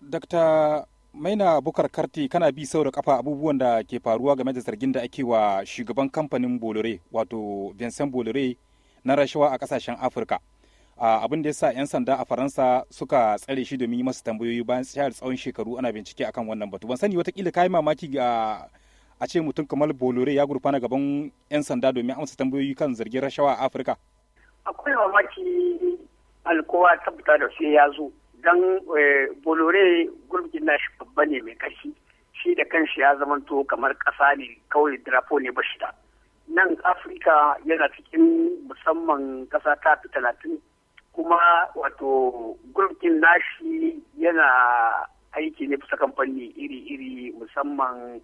Dr. Maina Bukar Karti kana bi sau da kafa abubuwan da ke faruwa game da zargin da ake wa shugaban kamfanin Bolore wato Vincent Bolore na rashawa a kasashen Afirka. Abin da ya sa 'yan sanda a Faransa suka tsare shi domin yi masa tambayoyi bayan tsayar tsawon shekaru ana bincike akan wannan batu. Ban sani watakila kayi mamaki ga a ce mutum kamar Bolore ya gurfana gaban 'yan sanda domin amsa tambayoyi kan zargin rashawa a Afirka. Akwai mamaki alkowa tabbata da su ya zo don eh, bolore na shi babba ne mai ƙarfi shi da shi ya zamanto kamar ƙasa ne kawai drapo ne ba shida nan afirka yana cikin musamman ƙasa ta fi talatin kuma wato gurbin nashi yana aiki ne bisa kamfani iri-iri musamman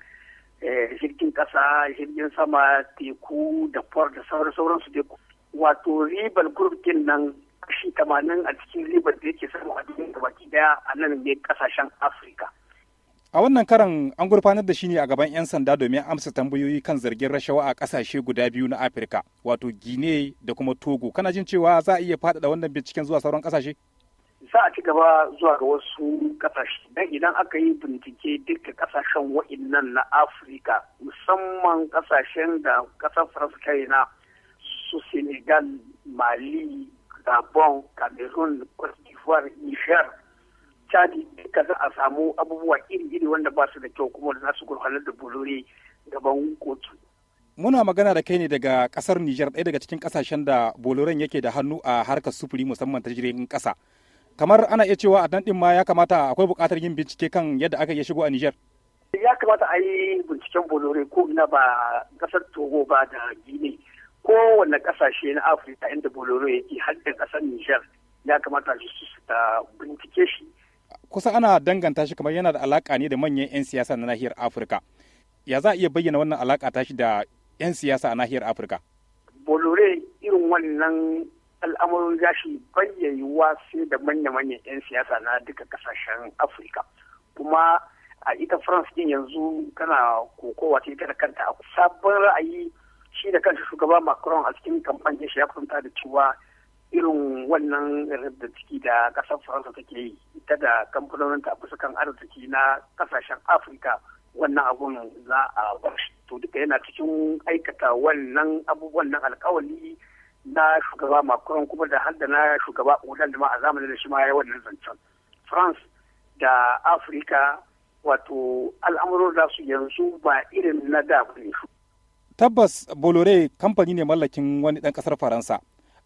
eh, jirgin ƙasa jirgin sama teku da port da sauran sauransu dai wato ribar gurbin nan kashi tamanin a cikin ribar da yake samu a duniya da baki daya a nan ne kasashen afirka a wannan karan an gurfanar da shi ne a gaban 'yan sanda domin amsa tambayoyi kan zargin rashawa a kasashe guda biyu na afirka wato gine da kuma togo kana jin cewa za a iya faɗaɗa wannan binciken zuwa sauran kasashe za a ci gaba zuwa ga wasu kasashe dan idan aka yi bincike duka kasashen wa'innan na afirka musamman kasashen da kasar faransa kai na su senegal mali gabon cameroon Côte d'ivoire niger chadi duka za a samu abubuwa iri-iri wanda ba su da kyau kuma da za su gurfanar da bulure gaban kotu muna magana da kai ne daga kasar niger ɗaya daga cikin kasashen da boloren yake da hannu a harkar sufuri musamman ta jirgin kasa kamar ana iya cewa a nan ɗin ma ya kamata akwai buƙatar yin bincike kan yadda aka iya shigo a niger ya kamata a yi binciken bolore ko ina ba kasar togo ba da Guinea. kowane kasashe na afirka inda boloro yake haɗin ƙasar kasar nijar ya kamata su ta bincike shi kusan ana danganta shi kamar yana da alaƙa ne da manyan 'yan siyasa na nahiyar afirka ya za a iya bayyana wannan alaƙa ta shi da 'yan siyasa a nahiyar afirka bolore irin wannan al'amuran gashi bayyayiwa sai da manya-manyan 'yan siyasa na duka kasashen afirka kuma a ita france din yanzu kana kokowa ta ita da kanta sabon ra'ayi shi da kansa shugaba macron a cikin kamfanin shi ya kwanta da cewa irin wannan da ciki da kasar faransa take yi ita da kamfanonin ta kan arziki na kasashen afirka wannan abun za a bar to duka yana cikin aikata wannan abubuwan nan alkawali na shugaba macron kuma da har da na shugaba odan da ma a zamanin da shi ma ya wannan zancen france da afirka wato al'amuran da su yanzu ba irin na da ne Tabbas Bolore kamfani ne mallakin wani dan kasar Faransa.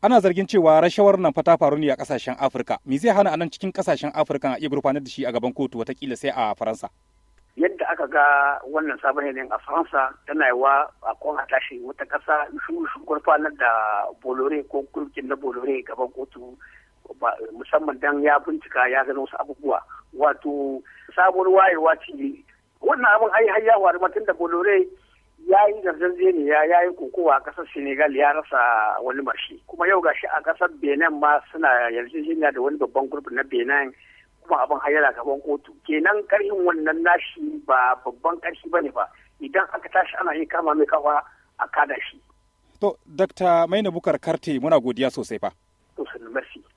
Ana zargin cewa rashawar nan fa faru ne a kasashen Afirka. Me zai hana anan cikin kasashen Afirka a iya gurfanar da shi a gaban kotu watakila sai a Faransa? Yadda aka ga wannan sabon yanayin a Faransa tana yi wa a kwan tashi wata ƙasa sun gurfanar da Bolore ko kulkin na Bolore gaban kotu musamman dan ya bincika ya gano wasu abubuwa wato sabon wayewa ce wannan abin ayi har ya faru da Bolore ya yi zarzarzeniya ya yi kokowa a kasar senegal ya rasa wani mashi kuma yau gashi a kasar benin ma suna yarjejeniya da wani babban gurbi na benin kuma abin hayyana gaban kotu kenan ƙarfin wannan nashi ba babban ƙarfi ba ne ba idan aka tashi ana yi kama mai kawa a kada shi. to dakta maina bukar karte muna godiya sosai fa. to sun